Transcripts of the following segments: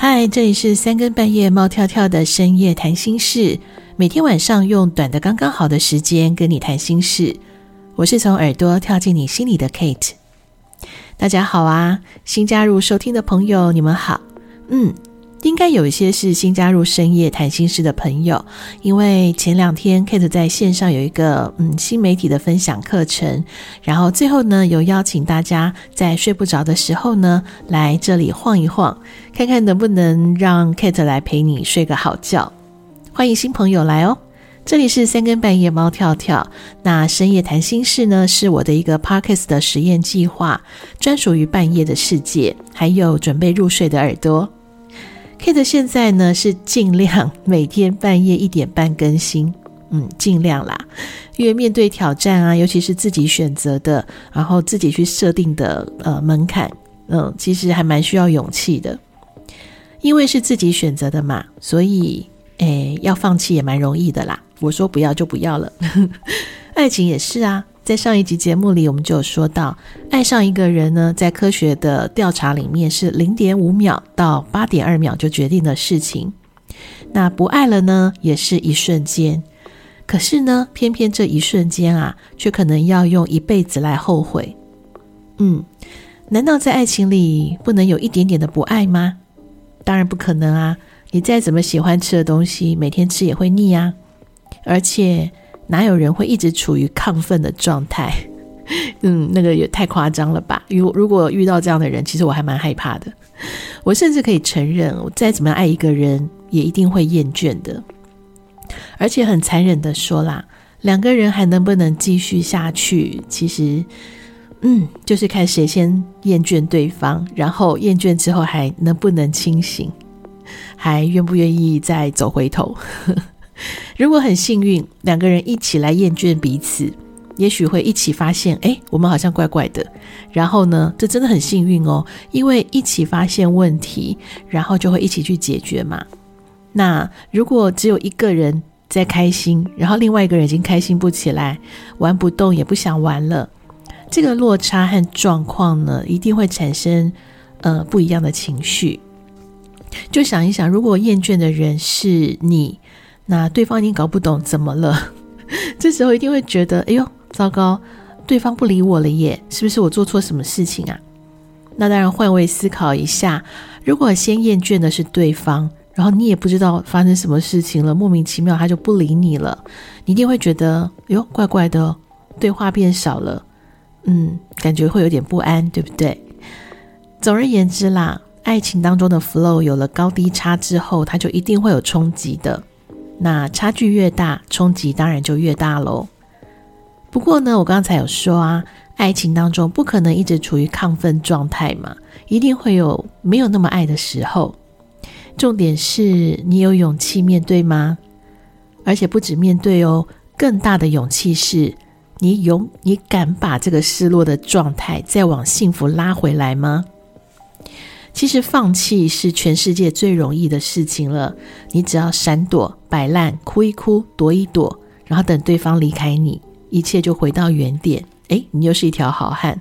嗨，Hi, 這裡是三更半夜貓跳跳的深夜談心室，每天晚上用短的剛剛好的時間跟你談心事，我是從耳朵跳進你心裡的 Kate。大家好啊，新加入收聽的朋友，你們好，嗯。應該有一些是新加入深夜談心室的朋友，因為前兩天 Kate 在線上有一個嗯新媒體的分享課程，然後最後呢有邀請大家在睡不着的時候呢來這裡晃一晃，看看能不能讓 Kate 來陪你睡個好覺。歡迎新朋友來哦，這裡是三更半夜貓跳跳。那深夜談心室呢是我的一個 Podcast 的實驗計劃，專屬於半夜的世界，還有準備入睡的耳朵。Kate 現在呢是盡量每天半夜一點半更新，嗯，盡量啦，因為面對挑戰啊，尤其是自己選擇的，然後自己去設定的呃門檻，嗯，其實還蠻需要勇氣的，因為是自己選擇的嘛，所以誒要放棄也蠻容易的啦。我說不要就不要了， 愛情也是啊。在上一集節目裡，我們就有說到，愛上一個人呢，在科學的調查裡面是零點五秒到八點二秒就決定的事情。那不愛了呢，也是一瞬間。可是呢，偏偏這一瞬間啊，卻可能要用一輩子來後悔。嗯，難道在愛情裡不能有一點點的不愛嗎？當然不可能啊！你再怎麼喜歡吃的東西，每天吃也會膩呀，啊，而且。哪有人會一直處於亢奮的狀態？ 嗯，那個也太誇張了吧！如如果遇到這樣的人，其實我還蠻害怕的。我甚至可以承認，我再怎麼愛一個人，也一定會厭倦的。而且很殘忍的說啦，兩個人還能不能繼續下去，其實，嗯，就是看誰先厭倦對方，然後厭倦之後還能不能清醒，還願不願意再走回頭。 如果很幸運，兩個人一起來厭倦彼此，也許會一起發現，誒，我們好像怪怪的。然後呢，這真的很幸運哦，因為一起發現問題，然後就會一起去解決嘛。那如果只有一個人在開心，然後另外一個人已經開心不起來，玩不動也不想玩了，這個落差和狀況呢，一定會產生呃不一樣的情緒。就想一想，如果厭倦的人是你。那對方已經搞不懂怎麼了， 這時候一定會覺得哎呦糟糕，對方不理我了耶，是不是我做錯什麼事情啊？那當然換位思考一下，如果先厭倦的是對方，然後你也不知道發生什麼事情了，莫名其妙他就不理你了，你一定會覺得哎呦怪怪的，對話變少了，嗯，感覺會有點不安，對不對？總而言之啦，愛情當中的 flow 有了高低差之後，它就一定會有衝擊的。那差距越大，衝擊當然就越大嘍。不過呢，我剛才有說啊，愛情當中不可能一直處於亢奮狀態嘛，一定會有沒有那麼愛的時候。重點是你有勇氣面對嗎？而且不止面對哦，更大的勇氣是你勇，你敢把這個失落的狀態再往幸福拉回來嗎？其實放棄是全世界最容易的事情了，你只要閃躲、擺爛、哭一哭、躲一躲，然後等對方離開你，一切就回到原點。誒，你又是一條好漢。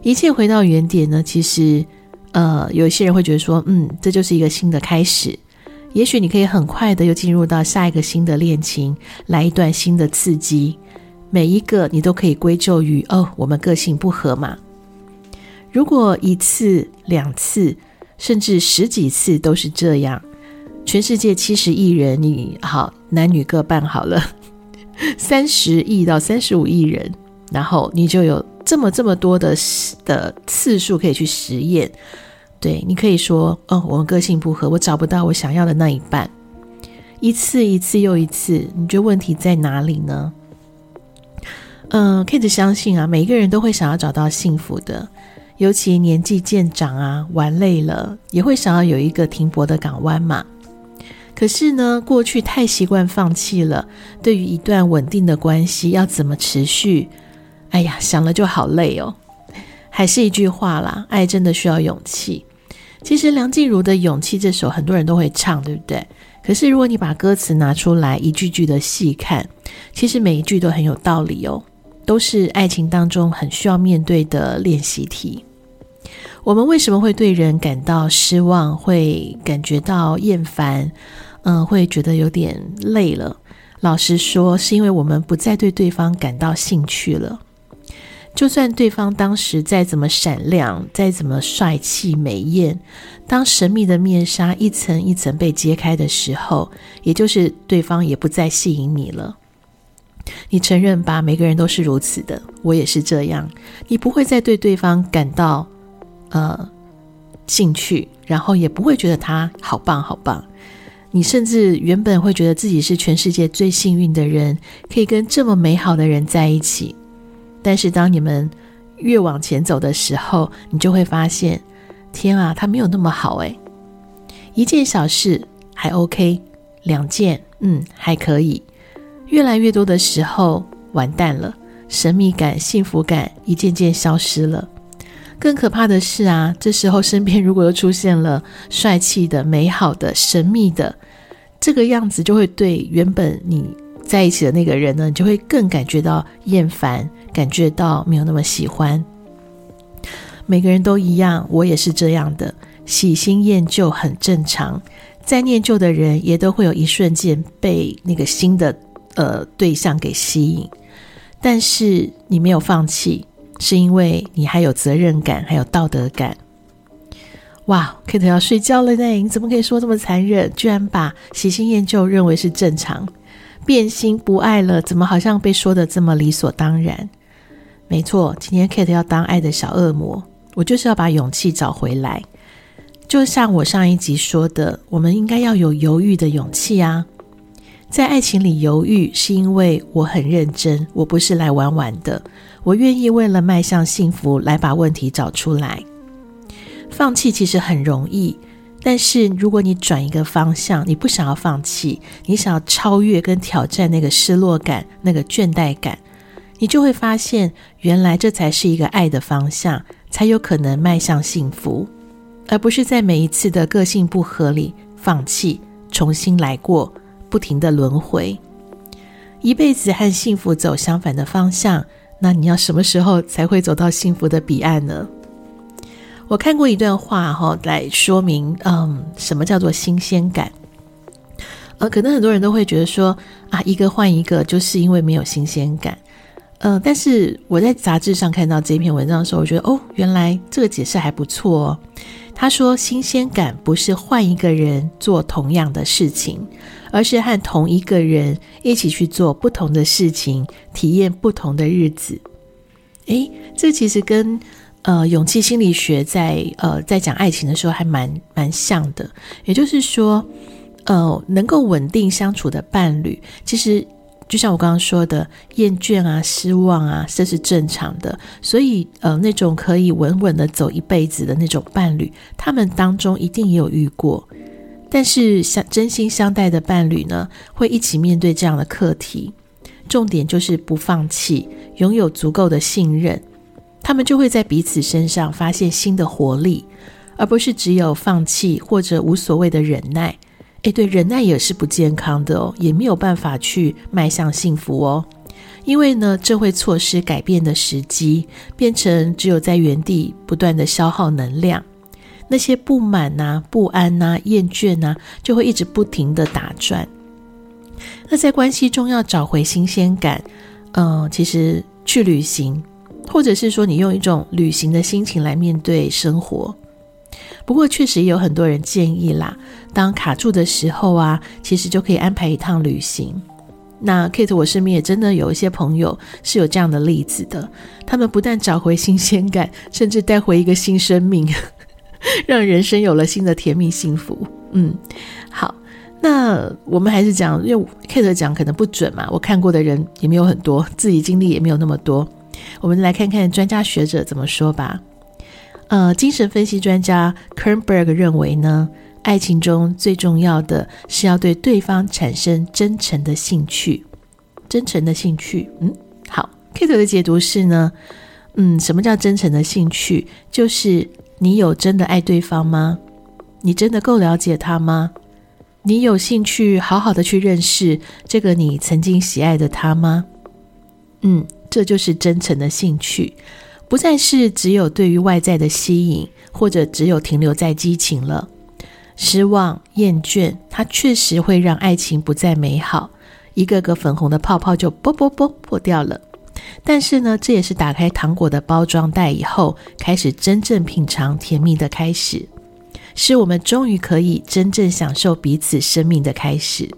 一切回到原點呢。其實，呃，有一些人會覺得說，嗯，這就是一個新的開始。也許你可以很快的又進入到下一個新的戀情，來一段新的刺激。每一個你都可以歸咎於，哦，我們個性不合嘛。如果一次、兩次，甚至十幾次都是這樣，全世界七十億人你，你好，男女各半好了，三 十億到三十五億人，然後你就有這麼這麼多的的次數可以去實驗。對，你可以說，哦、嗯，我們個性不合，我找不到我想要的那一半。一次一次又一次，你覺得問題在哪裡呢？嗯，Kate 相信啊，每一個人都會想要找到幸福的。尤其年紀漸長啊，玩累了也會想要有一個停泊的港灣嘛。可是呢，過去太習慣放棄了，對於一段穩定的關係要怎麼持續？哎呀，想了就好累哦。還是一句話啦，愛真的需要勇氣。其實梁靜茹的《勇氣》這首很多人都會唱，對不對？可是如果你把歌詞拿出來一句句的細看，其實每一句都很有道理哦，都是愛情當中很需要面對的練習題。我們為什麼會對人感到失望，會感覺到厭煩，嗯、呃，會覺得有點累了？老實說，是因為我們不再對對方感到興趣了。就算對方當時再怎麼閃亮，再怎麼帥氣美豔，當神秘的面紗一層一層被揭開的時候，也就是對方也不再吸引你了。你承認吧，每個人都是如此的，我也是這樣。你不會再對對方感到。呃、嗯，興趣，然後也不會覺得他好棒好棒。你甚至原本會覺得自己是全世界最幸運的人，可以跟這麼美好的人在一起。但是當你們越往前走的時候，你就會發現，天啊，他沒有那麼好哎。一件小事還 OK，兩件，嗯，還可以，越來越多的時候完蛋了，神秘感、幸福感一件件消失了。更可怕的是啊，這時候身邊如果又出現了帥氣的、美好的、神秘的這個樣子，就會對原本你在一起的那個人呢，你就會更感覺到厭煩，感覺到沒有那麼喜歡。每個人都一樣，我也是這樣的，喜新厭舊很正常。再念舊的人也都會有一瞬間被那個新的，呃，對象給吸引，但是你沒有放棄。是因為你還有責任感，還有道德感。哇，Kate 要睡覺了呢！你怎麼可以說這麼殘忍？居然把喜新厭舊認為是正常，變心不愛了，怎麼好像被說得這麼理所當然？沒錯，今天 Kate 要當愛的小惡魔，我就是要把勇氣找回來。就像我上一集說的，我們應該要有猶豫的勇氣啊。在愛情裡猶豫，是因為我很認真，我不是來玩玩的。我願意為了邁向幸福，來把問題找出來。放棄其實很容易，但是如果你轉一個方向，你不想要放棄，你想要超越跟挑戰那個失落感、那個倦怠感，你就會發現，原來這才是一個愛的方向，才有可能邁向幸福，而不是在每一次的個性不合裡放棄，重新來過。不停的輪迴，一輩子和幸福走相反的方向，那你要什麼時候才會走到幸福的彼岸呢？我看過一段話哈、哦，來說明嗯，什麼叫做新鮮感。呃，可能很多人都會覺得說啊，一個換一個，就是因為沒有新鮮感。嗯、呃，但是我在雜誌上看到這篇文章的時候，我覺得哦，原來這個解釋還不錯哦。他說：“新鮮感不是換一個人做同樣的事情，而是和同一個人一起去做不同的事情，體驗不同的日子。”哎，這其實跟呃勇氣心理學在呃在講愛情的時候還蠻蠻像的。也就是說，呃，能夠穩定相處的伴侶，其實。就像我剛剛說的，厭倦啊、失望啊，這是正常的。所以，呃，那種可以穩穩的走一輩子的那種伴侶，他們當中一定也有遇過。但是，像真心相待的伴侶呢，會一起面對這樣的課題。重點就是不放棄，擁有足夠的信任，他們就會在彼此身上發現新的活力，而不是只有放棄或者無所謂的忍耐。哎，誒對，忍耐也是不健康的哦，也沒有辦法去邁向幸福哦，因為呢，這會錯失改變的時機，變成只有在原地不斷的消耗能量，那些不滿吶、啊、不安吶、啊、厭倦吶、啊，就會一直不停的打轉。那在關係中要找回新鮮感，嗯，其實去旅行，或者是說你用一種旅行的心情來面對生活。不過確實也有很多人建議啦，當卡住的時候啊，其實就可以安排一趟旅行。那 Kate 我身邊也真的有一些朋友是有這樣的例子的，他們不但找回新鮮感，甚至帶回一個新生命，呵呵，讓人生有了新的甜蜜幸福。嗯，好，那我們還是講，用 Kate 講可能不準嘛，我看過的人也沒有很多，自己經歷也沒有那麼多，我們來看看專家學者怎麼說吧。呃，精神分析專家 Kernberg 認為呢，愛情中最重要的是要對對方產生真誠的興趣，真誠的興趣。嗯，好，Kate 的解讀是呢，嗯，什麼叫真誠的興趣？就是你有真的愛對方嗎？你真的夠了解他嗎？你有興趣好好的去認識這個你曾經喜愛的他嗎？嗯，這就是真誠的興趣。不再是只有對於外在的吸引，或者只有停留在激情了。失望、厭倦，它確實會讓愛情不再美好。一個個粉紅的泡泡就啵啵啵破掉了。但是呢，這也是打開糖果的包裝袋以後，開始真正品嘗甜蜜的開始，是我們終於可以真正享受彼此生命的開始。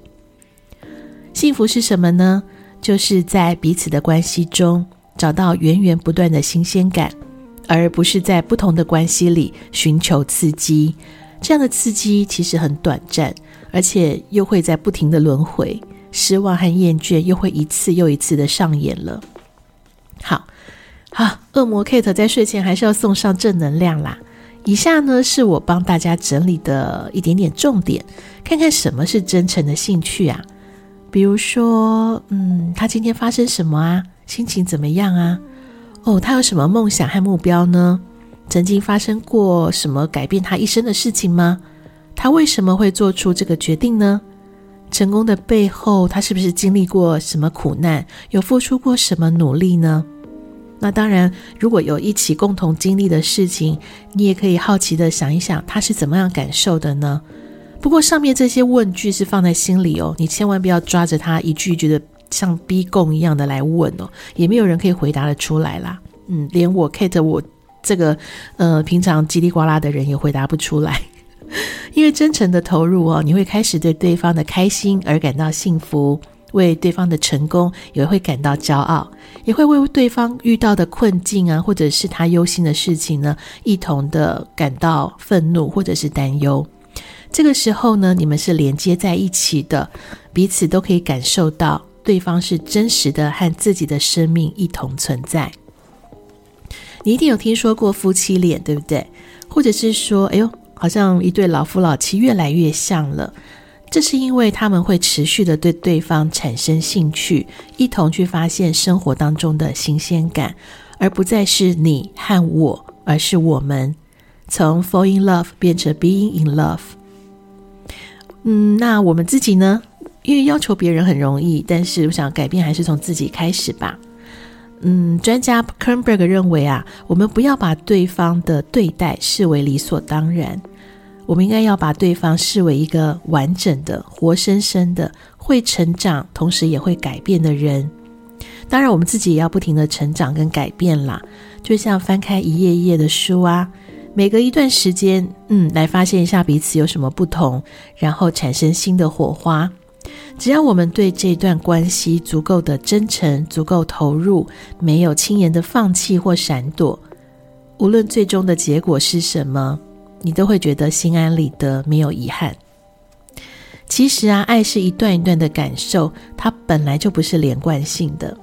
幸福是什麼呢？就是在彼此的關係中。找到源源不斷的新鮮感，而不是在不同的關係裡尋求刺激。這樣的刺激其實很短暫，而且又會在不停的輪迴，失望和厭倦又會一次又一次的上演了。好，好，惡魔 Kate 在睡前還是要送上正能量啦。以下呢，是我幫大家整理的一點點重點，看看什麼是真誠的興趣啊？比如說，嗯，他今天發生什麼啊？心情怎麼樣啊？哦，他有什麼夢想和目標呢？曾經發生過什麼改變他一生的事情嗎？他為什麼會做出這個決定呢？成功的背後，他是不是經歷過什麼苦難，有付出過什麼努力呢？那當然，如果有一起共同經歷的事情，你也可以好奇地想一想，他是怎麼樣感受的呢？不過上面這些問句是放在心裡哦，你千萬不要抓着他一句一句的。像逼供一樣的來問哦，也沒有人可以回答得出來啦。嗯，連我 Kate，我這個呃平常嘰里呱啦的人也回答不出來， 因為真誠的投入哦，你會開始對對方的開心而感到幸福，為對方的成功也會感到驕傲，也會為對方遇到的困境啊，或者是他憂心的事情呢，一同的感到憤怒或者是擔憂。這個時候呢，你們是連接在一起的，彼此都可以感受到。對方是真實的，和自己的生命一同存在。你一定有聽說過夫妻臉，對不對？或者是說，哎呦，好像一對老夫老妻越來越像了。這是因為他們會持續地對對方產生興趣，一同去發現生活當中的新鮮感，而不再是你和我，而是我們。從 fall in love 變成 being in love。嗯，那我們自己呢？因為要求別人很容易，但是我想改變還是從自己開始吧。嗯，專家 Kernberg 認為啊，我們不要把對方的對待視為理所當然，我們應該要把對方視為一個完整的、活生生的、會成長，同時也會改變的人。當然，我們自己也要不停的成長跟改變啦。就像翻開一頁一頁的書啊，每隔一段時間，嗯，來發現一下彼此有什麼不同，然後產生新的火花。只要我們對這段關係足夠的真誠、足夠投入，沒有輕言的放棄或閃躲，無論最終的結果是什麼，你都會覺得心安理得，沒有遺憾。其實啊，愛是一段一段的感受，它本來就不是連貫性的，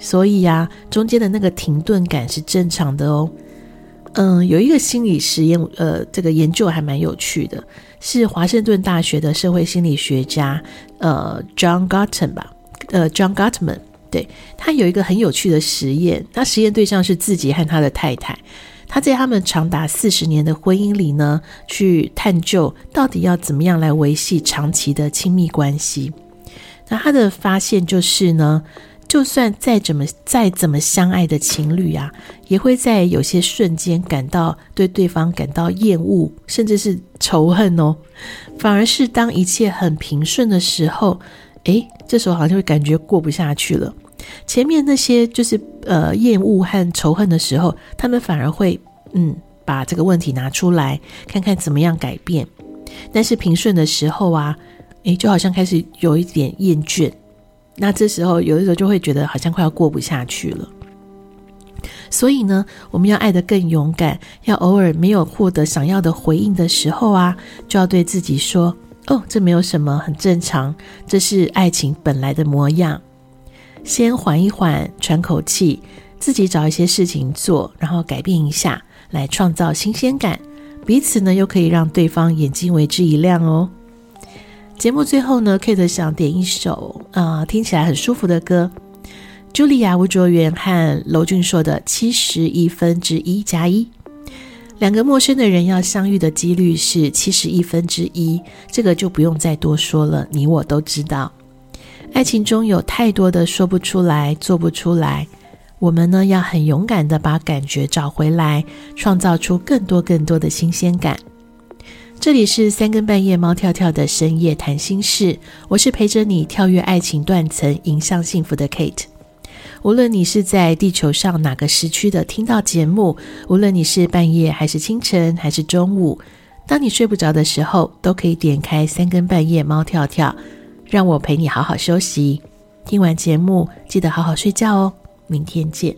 所以啊，中間的那個停頓感是正常的哦。嗯，有一個心理實驗，呃，這個研究還蠻有趣的，是華盛頓大學的社會心理學家，呃，John Gottman 吧，呃，呃，John Gottman，對，他有一個很有趣的實驗，他實驗對象是自己和他的太太，他在他們長達四十年的婚姻裡呢，去探究到底要怎麼樣來維繫長期的親密關係，那他的發現就是呢。就算再怎麼再怎麼相愛的情侶啊，也會在有些瞬間感到對對方感到厭惡，甚至是仇恨哦。反而是當一切很平順的時候，誒，這時候好像就會感覺過不下去了。前面那些就是呃厭惡和仇恨的時候，他們反而會嗯把這個問題拿出來看看怎麼樣改變。但是平順的時候啊，誒，就好像開始有一點厭倦。那這時候，有的時候就會覺得好像快要過不下去了。所以呢，我們要愛得更勇敢，要偶爾沒有獲得想要的回應的時候啊，就要對自己說：“哦，這沒有什麼，很正常，這是愛情本來的模樣。”先緩一緩，喘口氣，自己找一些事情做，然後改變一下，來創造新鮮感。彼此呢，又可以讓對方眼睛為之一亮哦。節目最後呢，Kate 想點一首啊、呃，聽起來很舒服的歌，茱莉亞吳卓源和婁峻碩的《七十一分之一加一》，兩個陌生的人要相遇的幾率是七十一分之一，這個就不用再多說了，你我都知道。愛情中有太多的說不出來、做不出來，我們呢要很勇敢的把感覺找回來，創造出更多更多的新鮮感。這裡是三更半夜貓跳跳的深夜談心室，我是陪着你跳躍愛情斷層，迎向幸福的 Kate。無論你是在地球上哪個時區的聽到節目，無論你是半夜還是清晨還是中午，當你睡不着的時候，都可以點開三更半夜貓跳跳，讓我陪你好好休息。聽完節目，記得好好睡覺哦，明天見。